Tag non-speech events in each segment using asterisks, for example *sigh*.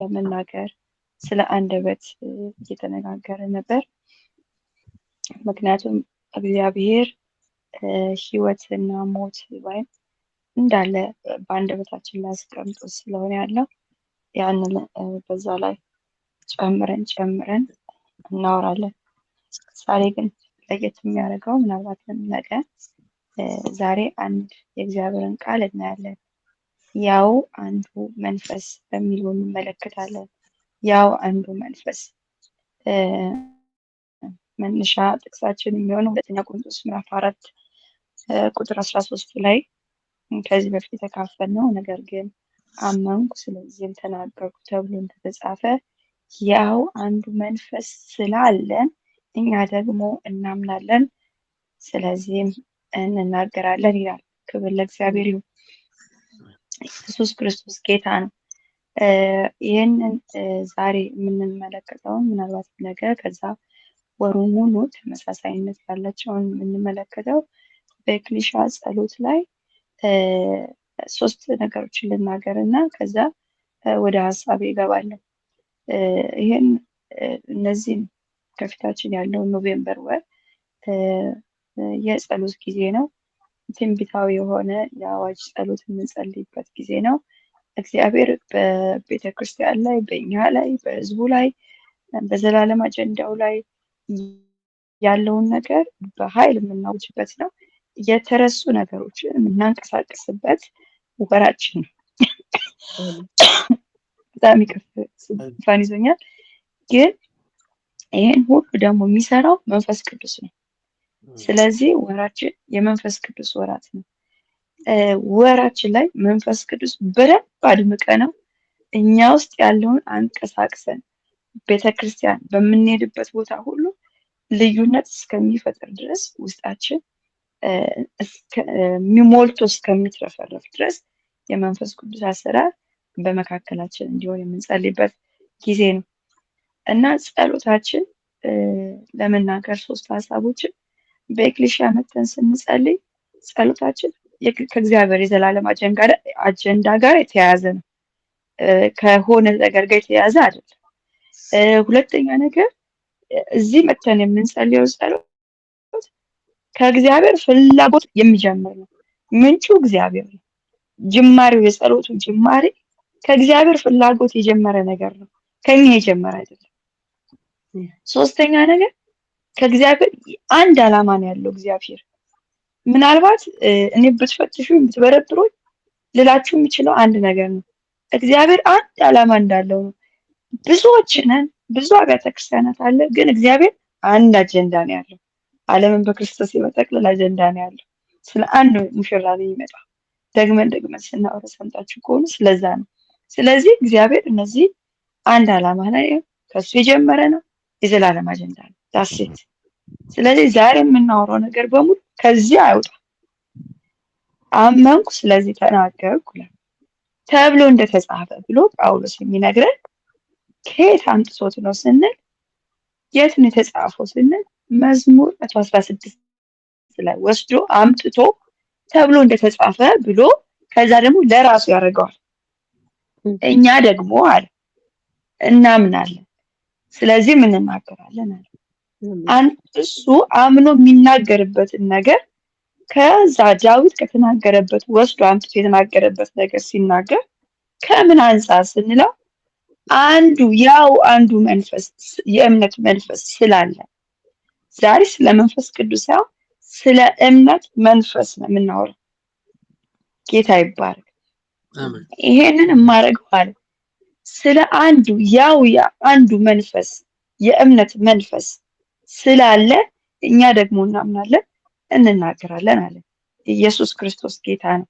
በመናገር ስለ አንደበት እየተነጋገረ ነበር። ምክንያቱም እግዚአብሔር ህይወትና ሞት ወይም እንዳለ በአንደበታችን ላይ አስቀምጦ ስለሆነ ያለው ያንን በዛ ላይ ጨምረን ጨምረን እናወራለን። ዛሬ ግን ለየት የሚያደርገው ምናልባትም ነገ ዛሬ አንድ የእግዚአብሔርን ቃል እናያለን። ያው አንዱ መንፈስ በሚሉ እንመለከታለን። ያው አንዱ መንፈስ መነሻ ጥቅሳችን የሚሆነው ሁለተኛ ቆሮንቶስ ምዕራፍ አራት ቁጥር አስራ ሶስት ላይ ከዚህ በፊት ነው ነገር ግን አመንኩ ስለዚህም ተናገርኩ ተብሎ እንደተጻፈ ያው አንዱ መንፈስ ስላለን እኛ ደግሞ እናምናለን ስለዚህም እንናገራለን ይላል። ክብር ለእግዚአብሔር ይሁን። ኢየሱስ ክርስቶስ ጌታ ነው። ይህንን ዛሬ የምንመለከተውን ምናልባት ነገ ከዛ ወሩ ሙሉ ተመሳሳይነት ያላቸውን የምንመለከተው በክሊሻ ጸሎት ላይ ሶስት ነገሮችን ልናገር እና ከዛ ወደ ሀሳብ ይገባለሁ። ይህን እነዚህን ከፊታችን ያለው ኖቬምበር ወር የጸሎት ጊዜ ነው። ትንቢታዊ የሆነ የአዋጅ ጸሎት የምንጸልይበት ጊዜ ነው። እግዚአብሔር በቤተ ክርስቲያን ላይ፣ በእኛ ላይ፣ በህዝቡ ላይ፣ በዘላለም አጀንዳው ላይ ያለውን ነገር በኃይል የምናውጅበት ነው። የተረሱ ነገሮችን የምናንቀሳቀስበት ወራችን ነው። በጣም ይዞኛል። ግን ይህን ሁሉ ደግሞ የሚሰራው መንፈስ ቅዱስ ነው። ስለዚህ ወራችን የመንፈስ ቅዱስ ወራት ነው። ወራችን ላይ መንፈስ ቅዱስ በደንብ አድምቀ ነው እኛ ውስጥ ያለውን አንቀሳቅሰን ቤተክርስቲያን በምንሄድበት ቦታ ሁሉ ልዩነት እስከሚፈጥር ድረስ ውስጣችን ሚሞልቶ እስከሚትረፈረፍ ድረስ የመንፈስ ቅዱስ አሰራር በመካከላችን እንዲሆን የምንጸልይበት ጊዜ ነው እና ጸሎታችን ለመናገር ሶስት ሀሳቦችን በኤክሌሽያ መተን ስንጸልይ ጸሎታችን ከእግዚአብሔር የዘላለም አጀንዳ ጋር የተያያዘ ነው። ከሆነ ነገር ጋር የተያያዘ አይደለም። ሁለተኛ ነገር እዚህ መተን የምንጸልየው ጸሎት ከእግዚአብሔር ፍላጎት የሚጀምር ነው። ምንጩ እግዚአብሔር ነው። ጅማሬው የጸሎቱ ጅማሬ ከእግዚአብሔር ፍላጎት የጀመረ ነገር ነው። ከኛ የጀመረ አይደለም። ሶስተኛ ነገር ከእግዚአብሔር አንድ አላማ ነው ያለው እግዚአብሔር። ምናልባት እኔ ብትፈትሹ ብትበረብሩ ልላችሁ የምችለው አንድ ነገር ነው። እግዚአብሔር አንድ አላማ እንዳለው ነው። ብዙዎች ነን፣ ብዙ አብያተ ክርስቲያናት አለ፣ ግን እግዚአብሔር አንድ አጀንዳ ነው ያለው። አለምን በክርስቶስ የመጠቅለል አጀንዳ ነው ያለው። ስለ አንድ ሙሽራ ነው ይመጣ። ደግመን ደግመን ስናወራ ሰምታችሁ ከሆኑ ስለዛ ነው። ስለዚህ እግዚአብሔር እነዚህ አንድ አላማ ነው፣ ከሱ የጀመረ ነው፣ የዘላለም አጀንዳ ነው። ዳሴት። mm-hmm. ስለዚህ ዛሬ የምናወራው ነገር በሙሉ ከዚህ አይውጣ አመንኩ ስለዚህ ተናገርኩ ተብሎ እንደተጻፈ ብሎ ጳውሎስ የሚነግረን ከየት አምጥቶት ነው ስንል የት ነው የተጻፈው ስንል መዝሙር 116 አስራ ላይ ወስዶ አምጥቶ ተብሎ እንደተጻፈ ብሎ ከዛ ደግሞ ለራሱ ያደርገዋል። እኛ ደግሞ አለ እናምናለን፣ ስለዚህ ምን እናገራለን አለ እሱ አምኖ የሚናገርበትን ነገር ከዛ ዳዊት ከተናገረበት ወስዶ አምጥቶ የተናገረበት ነገር ሲናገር ከምን አንጻር ስንለው አንዱ ያው አንዱ መንፈስ የእምነት መንፈስ ስላለ ዛሬ ስለ መንፈስ ቅዱስ ያው ስለ እምነት መንፈስ ነው የምናወራው። ጌታ ይባረክ። ይሄንን የማደርገው አለ ስለ አንዱ ያው አንዱ መንፈስ የእምነት መንፈስ ስላለ እኛ ደግሞ እናምናለን እንናገራለን አለ። ኢየሱስ ክርስቶስ ጌታ ነው።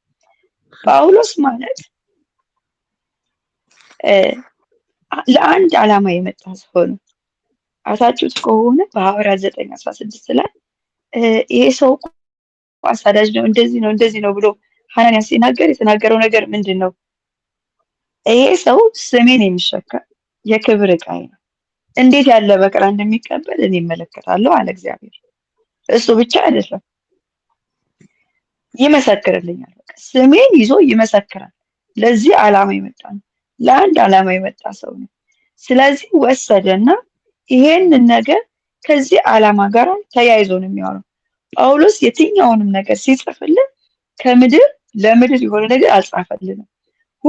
ጳውሎስ ማለት ለአንድ ዓላማ የመጣ ሰው ነው። አታችሁት ከሆነ በሐዋርያት 9 16 ላይ ይሄ ሰው አሳዳጅ ነው፣ እንደዚህ ነው፣ እንደዚህ ነው ብሎ ሐናንያ ሲናገር የተናገረው ነገር ምንድን ነው? ይሄ ሰው ስሜን የሚሸከም የክብር ዕቃዬ ነው እንዴት ያለ መከራ እንደሚቀበል እኔ እመለከታለሁ አለ እግዚአብሔር። እሱ ብቻ አይደለም ይመሰክርልኛል። ስሜን ይዞ ይመሰክራል። ለዚህ ዓላማ የመጣ ነው። ለአንድ ዓላማ የመጣ ሰው ነው። ስለዚህ ወሰደና ይሄንን ነገር ከዚህ ዓላማ ጋር ተያይዞ ነው የሚሆነው። ጳውሎስ የትኛውንም ነገር ሲጽፍልን ከምድር ለምድር የሆነ ነገር አልጻፈልንም።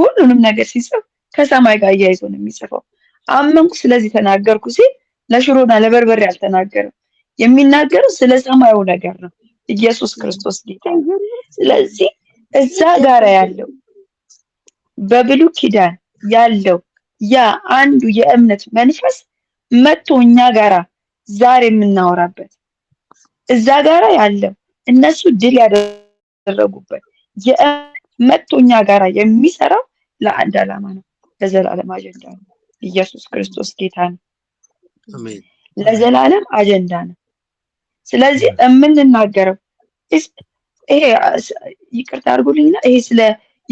ሁሉንም ነገር ሲጽፍ ከሰማይ ጋር እያይዞ ነው የሚጽፈው። አመንኩ ስለዚህ ተናገርኩ ሲል ለሽሮና ለበርበሬ አልተናገርም። የሚናገረው ስለ ሰማዩ ነገር ነው። ኢየሱስ ክርስቶስ ጌታ። ስለዚህ እዛ ጋራ ያለው በብሉ ኪዳን ያለው ያ አንዱ የእምነት መንፈስ መጥቶ እኛ ጋራ ዛሬ የምናወራበት እዛ ጋራ ያለው እነሱ ድል ያደረጉበት የመጥቶ እኛ ጋራ የሚሰራው ለአንድ ዓላማ ነው። ለዘላለም አጀንዳ ነው። ኢየሱስ ክርስቶስ ጌታ ነው። ለዘላለም አጀንዳ ነው። ስለዚህ የምንናገረው ይሄ ይቅርታ አድርጉልኝና ይሄ ስለ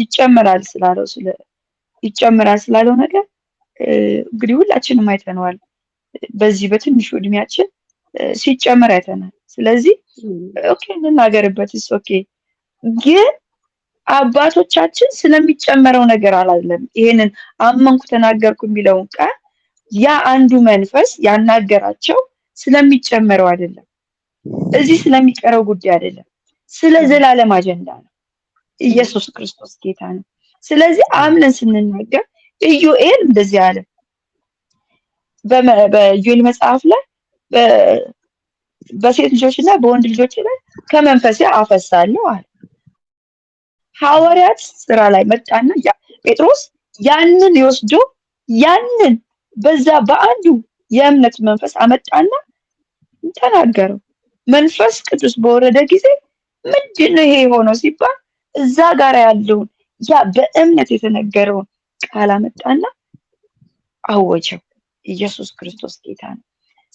ይጨምራል ስላለው ስለ ይጨምራል ስላለው ነገር እንግዲህ ሁላችንም አይተነዋል። በዚህ በትንሹ እድሜያችን ሲጨምር አይተናል። ስለዚህ ኦኬ እንናገርበት ኦኬ ግን አባቶቻችን ስለሚጨመረው ነገር አላለም። ይሄንን አመንኩ ተናገርኩ የሚለውን ቃል ያ አንዱ መንፈስ ያናገራቸው ስለሚጨመረው አይደለም፣ እዚህ ስለሚቀረው ጉዳይ አይደለም፣ ስለ ዘላለም አጀንዳ ነው። ኢየሱስ ክርስቶስ ጌታ ነው። ስለዚህ አምነን ስንናገር ኢዩኤል እንደዚህ አለ። በዩኤል መጽሐፍ ላይ በሴት ልጆች እና በወንድ ልጆች ላይ ከመንፈሴ አፈሳለሁ አለ። ሐዋርያት ስራ ላይ መጣና ጴጥሮስ ያንን ይወስዶ ያንን በዛ በአንዱ የእምነት መንፈስ አመጣና ተናገረው። መንፈስ ቅዱስ በወረደ ጊዜ ምንድን ነው ይሄ የሆነው ሲባል እዛ ጋር ያለውን ያ በእምነት የተነገረውን ቃል አመጣና አወጀው። ኢየሱስ ክርስቶስ ጌታ ነው።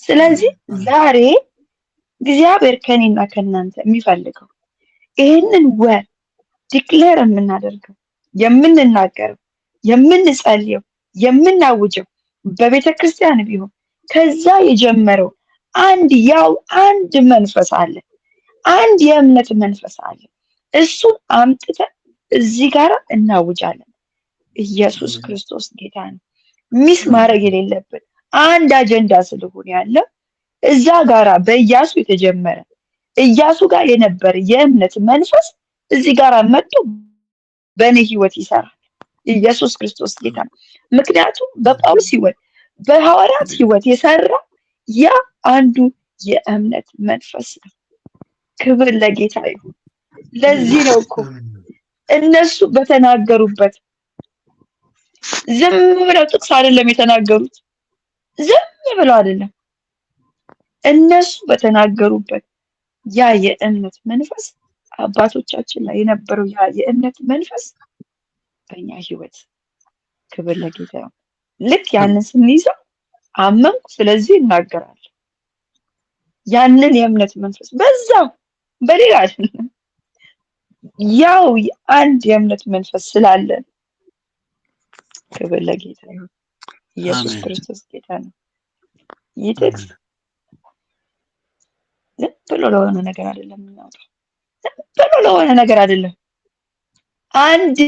ስለዚህ ዛሬ እግዚአብሔር ከኔና ከእናንተ የሚፈልገው ይህንን ወር ዲክሌር የምናደርገው የምንናገረው፣ የምንጸልየው፣ የምናውጀው በቤተ ክርስቲያን ቢሆን ከዛ የጀመረው አንድ ያው አንድ መንፈስ አለ፣ አንድ የእምነት መንፈስ አለ። እሱን አምጥተን እዚህ ጋር እናውጃለን። ኢየሱስ ክርስቶስ ጌታ ነው። ሚስ ማድረግ የሌለብን አንድ አጀንዳ ስለሆነ ያለው እዛ ጋራ በእያሱ የተጀመረ እያሱ ጋር የነበረ የእምነት መንፈስ እዚህ ጋር መጥቶ በእኔ ህይወት ይሰራል። ኢየሱስ ክርስቶስ ጌታ ነው። ምክንያቱም በጳውሎስ ህይወት፣ በሐዋርያት ህይወት የሰራ ያ አንዱ የእምነት መንፈስ ነው። ክብር ለጌታ ይሁን። ለዚህ ነው እኮ እነሱ በተናገሩበት ዝም ብለው ጥቅስ አይደለም የተናገሩት፣ ዝም ብለው አይደለም እነሱ በተናገሩበት ያ የእምነት መንፈስ አባቶቻችን ላይ የነበረው ያ የእምነት መንፈስ በኛ ህይወት ክብር ለጌታ ነው። ልክ ያንን ስንይዘው አመንኩ፣ ስለዚህ እናገራለሁ። ያንን የእምነት መንፈስ በዛው በሌላ አይደለም፣ ያው አንድ የእምነት መንፈስ ስላለን ክብር ለጌታ ነው። ኢየሱስ ክርስቶስ ጌታ ነው። ይህ ጥቅስ ዝም ብሎ ለሆነ ነገር አይደለም የምናወጣው ብሎ ለሆነ ነገር አይደለም። አንድ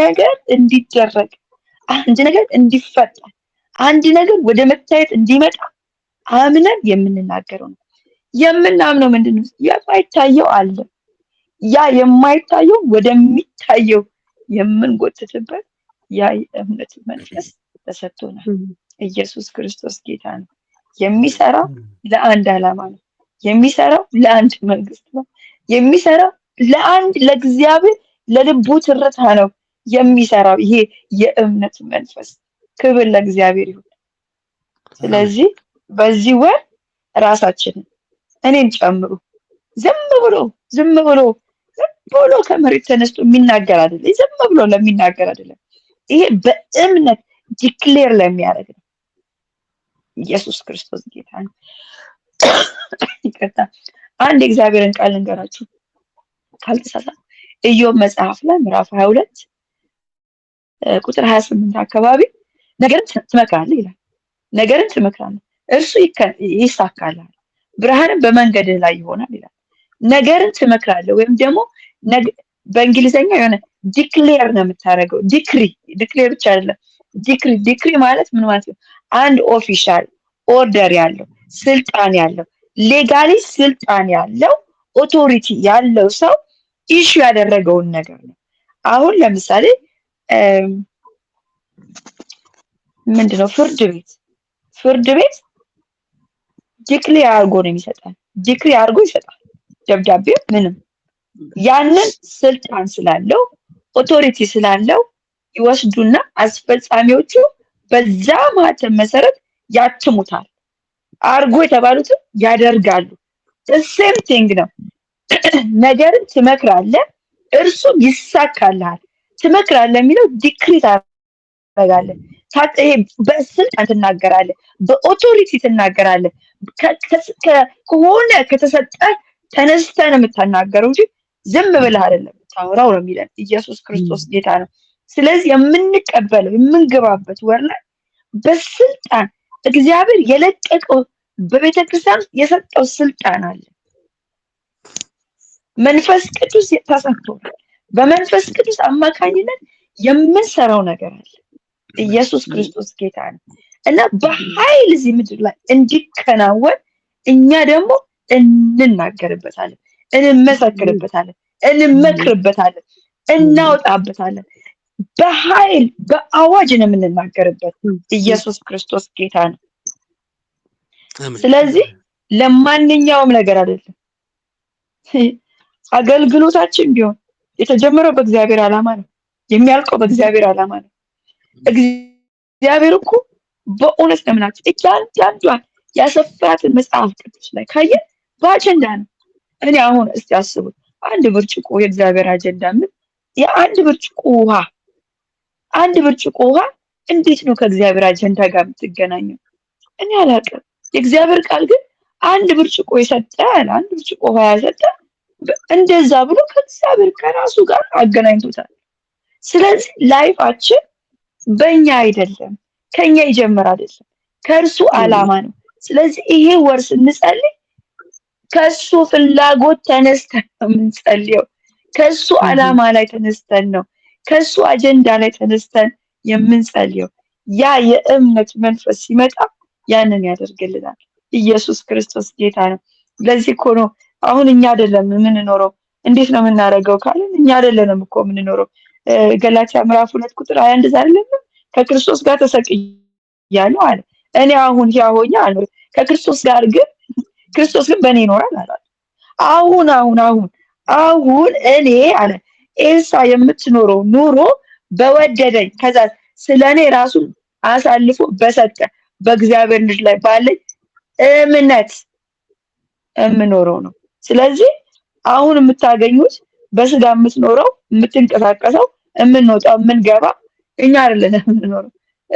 ነገር እንዲደረግ፣ አንድ ነገር እንዲፈጠር፣ አንድ ነገር ወደ መታየት እንዲመጣ አምነን የምንናገረው ነው። የምናምነው ምንድን ነው? የማይታየው አለ። ያ የማይታየው ወደሚታየው የምንጎትትበት ያ የእምነት መንፈስ ተሰጥቶናል። ኢየሱስ ክርስቶስ ጌታ ነው። የሚሰራው ለአንድ ዓላማ ነው። የሚሰራው ለአንድ መንግስት ነው። የሚሰራ ለአንድ ለእግዚአብሔር ለልቡ ትርታ ነው የሚሰራው። ይሄ የእምነት መንፈስ ክብር ለእግዚአብሔር ይሁን። ስለዚህ በዚህ ወር ራሳችንን እኔን ጨምሩ ዝም ብሎ ዝም ብሎ ዝም ብሎ ከመሬት ተነስቶ የሚናገር አይደለም። ዝም ብሎ ለሚናገር አይደለም። ይሄ በእምነት ዲክሌር ለሚያደርግ ነው። ኢየሱስ ክርስቶስ ጌታ ነው። *coughs* ይቅርታ አንድ የእግዚአብሔርን ቃል እንገራችሁ ካልተሳሳት ኢዮብ መጽሐፍ ላይ ምዕራፍ 22 ቁጥር 28 አካባቢ ነገርን ትመክራለህ ይላል። ነገርን ትመክራለህ እርሱ ይሳካልሃል፣ ብርሃንም በመንገድህ ላይ ይሆናል ይላል። ነገርን ትመክራለህ ወይም ደግሞ በእንግሊዘኛ የሆነ ዲክሌር ነው የምታደርገው። ዲክሪ ዲክሌር ብቻ አይደለም። ዲክሪ ዲክሪ ማለት ምን ማለት ነው? አንድ ኦፊሻል ኦርደር ያለው ስልጣን ያለው ሌጋሊ ስልጣን ያለው ኦቶሪቲ ያለው ሰው ኢሹ ያደረገውን ነገር ነው። አሁን ለምሳሌ ምንድነው ፍርድ ቤት ፍርድ ቤት ዲክሪ አርጎ ነው የሚሰጠን። ዲክሪ አርጎ ይሰጣል ደብዳቤ ምንም ያንን ስልጣን ስላለው ኦቶሪቲ ስላለው ይወስዱና አስፈጻሚዎቹ በዛ ማተም መሰረት ያትሙታል። አርጎ የተባሉት ያደርጋሉ። ሴም ቲንግ ነው። ነገርን ትመክራለህ፣ እርሱ ይሳካልሃል። ትመክራለህ የሚለው ዲክሪት ታደርጋለህ። በስልጣን ትናገራለህ፣ በኦቶሪቲ ትናገራለህ። ከሆነ ከተሰጠ ተነስተህ ነው የምታናገረው እንጂ ዝም ብለህ አይደለም የምታወራው ነው የሚለን ኢየሱስ ክርስቶስ ጌታ ነው። ስለዚህ የምንቀበለው የምንገባበት ወር ላይ በስልጣን እግዚአብሔር የለቀቀው በቤተ ክርስቲያን የሰጠው ስልጣን አለ። መንፈስ ቅዱስ ተሰጥቶ በመንፈስ ቅዱስ አማካኝነት የምንሰራው ነገር አለ። ኢየሱስ ክርስቶስ ጌታ ነው እና በኃይል እዚህ ምድር ላይ እንዲከናወን እኛ ደግሞ እንናገርበታለን፣ እንመሰክርበታለን፣ እንመክርበታለን፣ እናወጣበታለን። በኃይል በአዋጅ ነው የምንናገርበት። ኢየሱስ ክርስቶስ ጌታ ነው። ስለዚህ ለማንኛውም ነገር አይደለም አገልግሎታችን ቢሆን የተጀመረው በእግዚአብሔር ዓላማ ነው፣ የሚያልቀው በእግዚአብሔር ዓላማ ነው። እግዚአብሔር እኮ በእውነት ለምናቸው እያንዳንዷን ያሰፈራትን መጽሐፍ ቅዱስ ላይ ካየ በአጀንዳ ነው። እኔ አሁን እስቲ አስቡት፣ አንድ ብርጭቆ የእግዚአብሔር አጀንዳ ምን የአንድ ብርጭቆ ውሃ አንድ ብርጭቆ ውሃ እንዴት ነው ከእግዚአብሔር አጀንዳ ጋር የምትገናኘው? እኔ አላውቅም። የእግዚአብሔር ቃል ግን አንድ ብርጭቆ የሰጠን አንድ ብርጭቆ ውሃ ያሰጠ እንደዛ ብሎ ከእግዚአብሔር ከራሱ ጋር አገናኝቶታል። ስለዚህ ላይፋችን በእኛ አይደለም፣ ከኛ ይጀምር አይደለም፣ ከእርሱ አላማ ነው። ስለዚህ ይሄ ወር ስንጸልይ ከሱ ፍላጎት ተነስተን ነው የምንጸልየው። ከሱ አላማ ላይ ተነስተን ነው ከሱ አጀንዳ ላይ ተነስተን የምንጸልየው። ያ የእምነት መንፈስ ሲመጣ ያንን ያደርግልናል። ኢየሱስ ክርስቶስ ጌታ ነው። ለዚህ እኮ ነው አሁን እኛ አይደለም የምንኖረው። እንዴት ነው የምናደርገው ካልን እኛ አይደለንም እኮ የምንኖረው። ገላትያ ምዕራፍ ሁለት ቁጥር ሀያ አንድ አይደለም ከክርስቶስ ጋር ተሰቅያለሁ አለ። እኔ አሁን ያሆኛ ሆኜ ከክርስቶስ ጋር ግን *laughs* ክርስቶስ ግን በእኔ ይኖራል አለ። አሁን አሁን አሁን አሁን እኔ አለ ኤልሳ የምትኖረው ኑሮ በወደደኝ ከዛ ስለ እኔ ራሱን አሳልፎ በሰጠ በእግዚአብሔር ልጅ ላይ ባለኝ እምነት የምኖረው ነው። ስለዚህ አሁን የምታገኙት በስጋ የምትኖረው የምትንቀሳቀሰው፣ የምንወጣው፣ የምንገባ እኛ አይደለን የምንኖረው፣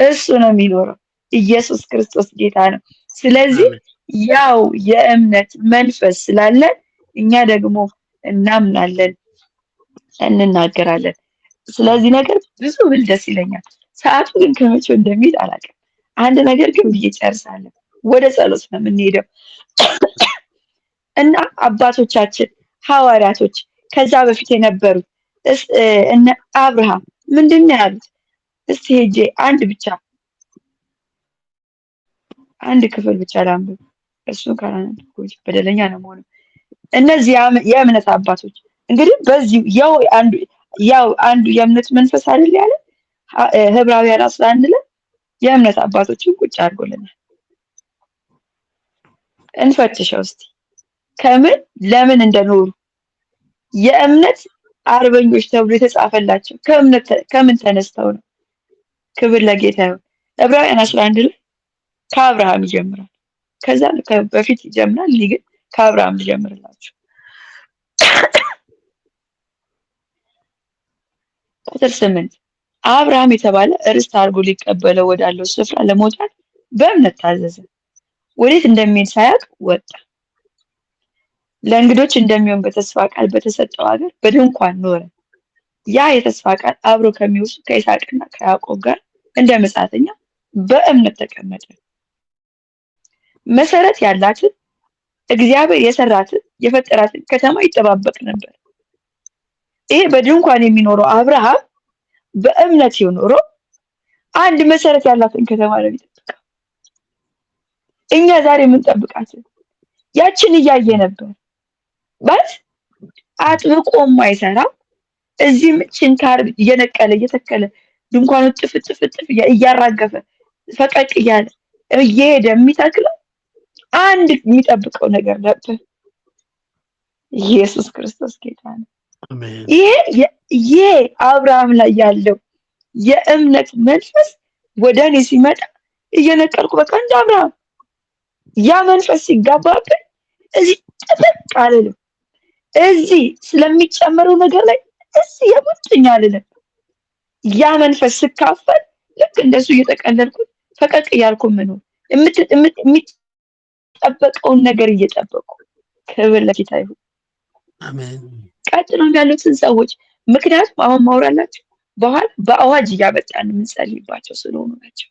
እሱ ነው የሚኖረው። ኢየሱስ ክርስቶስ ጌታ ነው። ስለዚህ ያው የእምነት መንፈስ ስላለን እኛ ደግሞ እናምናለን፣ እንናገራለን። ስለዚህ ነገር ብዙ ብል ደስ ይለኛል። ሰዓቱ ግን ከመቼው እንደሚል አላውቅም። አንድ ነገር ግን ብዬ ጨርሳለሁ። ወደ ጸሎት ነው የምንሄደው እና አባቶቻችን ሐዋርያቶች ከዛ በፊት የነበሩ እነ አብርሃም ምንድን ነው ያሉት? እስቲ ሄጄ አንድ ብቻ አንድ ክፍል ብቻ ላንብብ። እሱን ካላነበብኩኝ በደለኛ ነው የምሆነው። እነዚህ የእምነት አባቶች እንግዲህ በዚህ ያው አንዱ ያው አንዱ የእምነት መንፈስ አይደል ያለ ህብራውያን አስራ አንድ ላይ የእምነት አባቶችን ቁጭ አድርጎልናል። እንፈትሸው እስቲ ከምን ለምን እንደኖሩ የእምነት አርበኞች ተብሎ የተጻፈላቸው ከእምነት ከምን ተነስተው ነው? ክብር ለጌታ ይሁን። ዕብራውያን 11 ላይ ከአብርሃም ይጀምራል። ከዛ በፊት ይጀምራል። እኔ ግን ከአብርሃም ልጀምርላችሁ። ቁጥር ስምንት አብርሃም የተባለ እርስት አድርጎ ሊቀበለው ወዳለው ስፍራ ለመውጣት በእምነት ታዘዘ። ወዴት እንደሚሄድ ሳያውቅ ወጣ። ለእንግዶች እንደሚሆን በተስፋ ቃል በተሰጠው ሀገር በድንኳን ኖረ። ያ የተስፋ ቃል አብሮ ከሚውሱ ከይስሐቅና ከያዕቆብ ጋር እንደ መጻተኛ በእምነት ተቀመጠ። መሰረት ያላትን እግዚአብሔር የሰራትን የፈጠራትን ከተማ ይጠባበቅ ነበር። ይሄ በድንኳን የሚኖረው አብርሃም በእምነት ኖሮ አንድ መሰረት ያላትን ከተማ ነው የሚጠብቀው። እኛ ዛሬ የምንጠብቃት ያችን እያየ ነበር ባት አጥብቆ የማይሰራ እዚህም ችንካር እየነቀለ እየተከለ ድንኳኑ ጥፍ ጥፍ ጥፍ እያራገፈ ፈቀቅ እያለ እየሄደ የሚተክለው አንድ የሚጠብቀው ነገር ነበር። ኢየሱስ ክርስቶስ ጌታ ነው። ይሄ ይሄ አብርሃም ላይ ያለው የእምነት መንፈስ ወደ እኔ ሲመጣ እየነቀልኩ በቃ እንደ አብርሃም ያ መንፈስ ሲጋባብን እዚህ ጥፍቅ አልልም። እዚህ ስለሚጨመረው ነገር ላይ እዚህ የሙጥኝ አልልም። ያ መንፈስ ስካፈል ልክ እንደሱ እየጠቀለልኩ ፈቀቅ እያልኩ ምኖር የሚጠበቀውን ነገር እየጠበቁ ክብር ለፊት አይሁን። ቀጥሎም ያሉትን ሰዎች ምክንያቱም አሁን ማውራላቸው በኋላ በአዋጅ እያበጣን የምንጸልይባቸው ስለሆኑ ናቸው።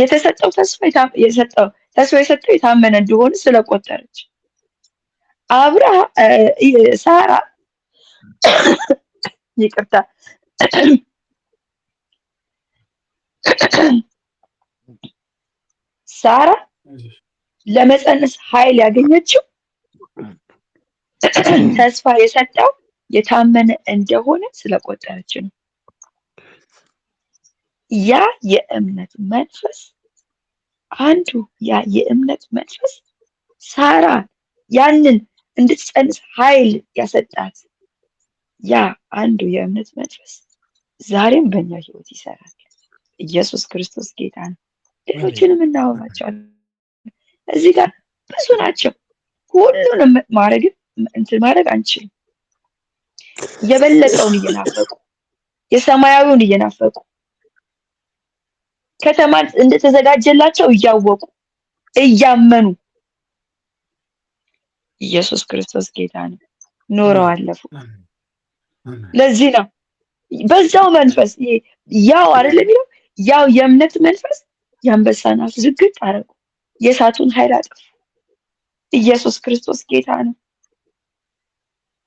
የተሰጠው ተስፋ የሰጠው ተስፋ የሰጠው የታመነ እንደሆነ ስለቆጠረች አብርሃ ሳራ *coughs* ይቅርታ *coughs* ሳራ ለመፀነስ ኃይል ያገኘችው *clears throat* ተስፋ የሰጠው የታመነ እንደሆነ ስለቆጠረች ነው። ያ የእምነት መንፈስ አንዱ ያ የእምነት መንፈስ ሳራ ያንን እንድትጸንስ ኃይል ያሰጣት ያ አንዱ የእምነት መንፈስ ዛሬም በእኛ ሕይወት ይሰራል። ኢየሱስ ክርስቶስ ጌታ ነው። ሌሎችንም እናወራቸዋለን። እዚህ ጋር ብዙ ናቸው። ሁሉንም ማድረግ እንትን ማድረግ አንችልም። የበለጠውን እየናፈቁ የሰማያዊውን እየናፈቁ ከተማ እንደተዘጋጀላቸው እያወቁ እያመኑ ኢየሱስ ክርስቶስ ጌታ ነው ኖረው አለፉ። ለዚህ ነው በዛው መንፈስ ያው አይደለም ያው የእምነት መንፈስ የአንበሳን አፍ ዝግት አደረጉ፣ የእሳቱን ኃይል አጠፉ። ኢየሱስ ክርስቶስ ጌታ ነው።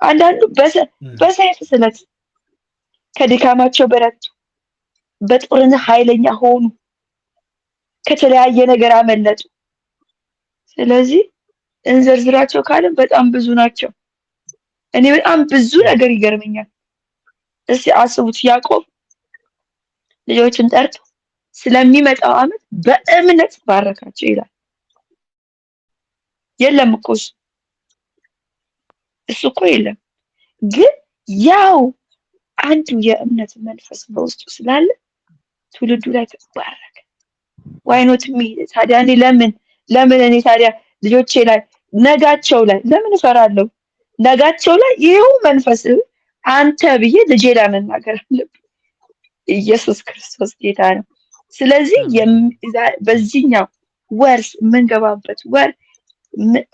አንዳንዱ በሰይፍ ስለት ከድካማቸው በረቱ፣ በጦርነት ኃይለኛ ሆኑ፣ ከተለያየ ነገር አመለጡ። ስለዚህ እንዘርዝራቸው ካለ በጣም ብዙ ናቸው። እኔ በጣም ብዙ ነገር ይገርመኛል። እስቲ አስቡት ያዕቆብ ልጆችን ጠርቶ ስለሚመጣው ዓመት በእምነት ባረካቸው ይላል። የለም እኮ እሱ እኮ የለም። ግን ያው አንዱ የእምነት መንፈስ በውስጡ ስላለ ትውልዱ ላይ ተባረከ። ዋይኖት ሚ ታዲያ እኔ ለምን ለምን እኔ ታዲያ ልጆቼ ላይ ነጋቸው ላይ ለምን እፈራለሁ? ነጋቸው ላይ ይኸው መንፈስ አንተ ብዬ ልጄ ላይ መናገር አለብኝ። ኢየሱስ ክርስቶስ ጌታ ነው። ስለዚህ በዚህኛው ወር የምንገባበት ወር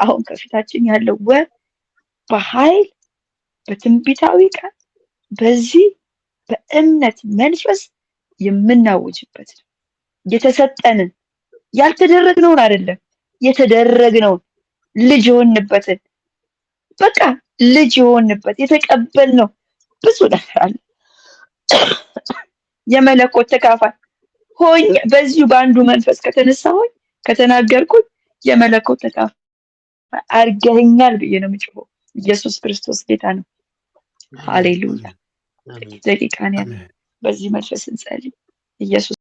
አሁን ከፊታችን ያለው ወር በኃይል በትንቢታዊ ቃል በዚህ በእምነት መንፈስ የምናውጅበት ነው። የተሰጠንን ያልተደረግነውን አይደለም የተደረግነውን ልጅ የሆንበትን በቃ ልጅ የሆንበት የተቀበልነው ብዙ ነገር አለ። *coughs* የመለኮት ተካፋይ ሆኝ በዚሁ በአንዱ መንፈስ ከተነሳሁኝ ከተናገርኩኝ የመለኮት ተካፋይ አርገኛል ብዬ ነው የምጮኸው። ኢየሱስ ክርስቶስ ጌታ ነው። ሃሌሉያ። ደቂቃን ያ በዚህ መንፈስ እንጸልይ ኢየሱስ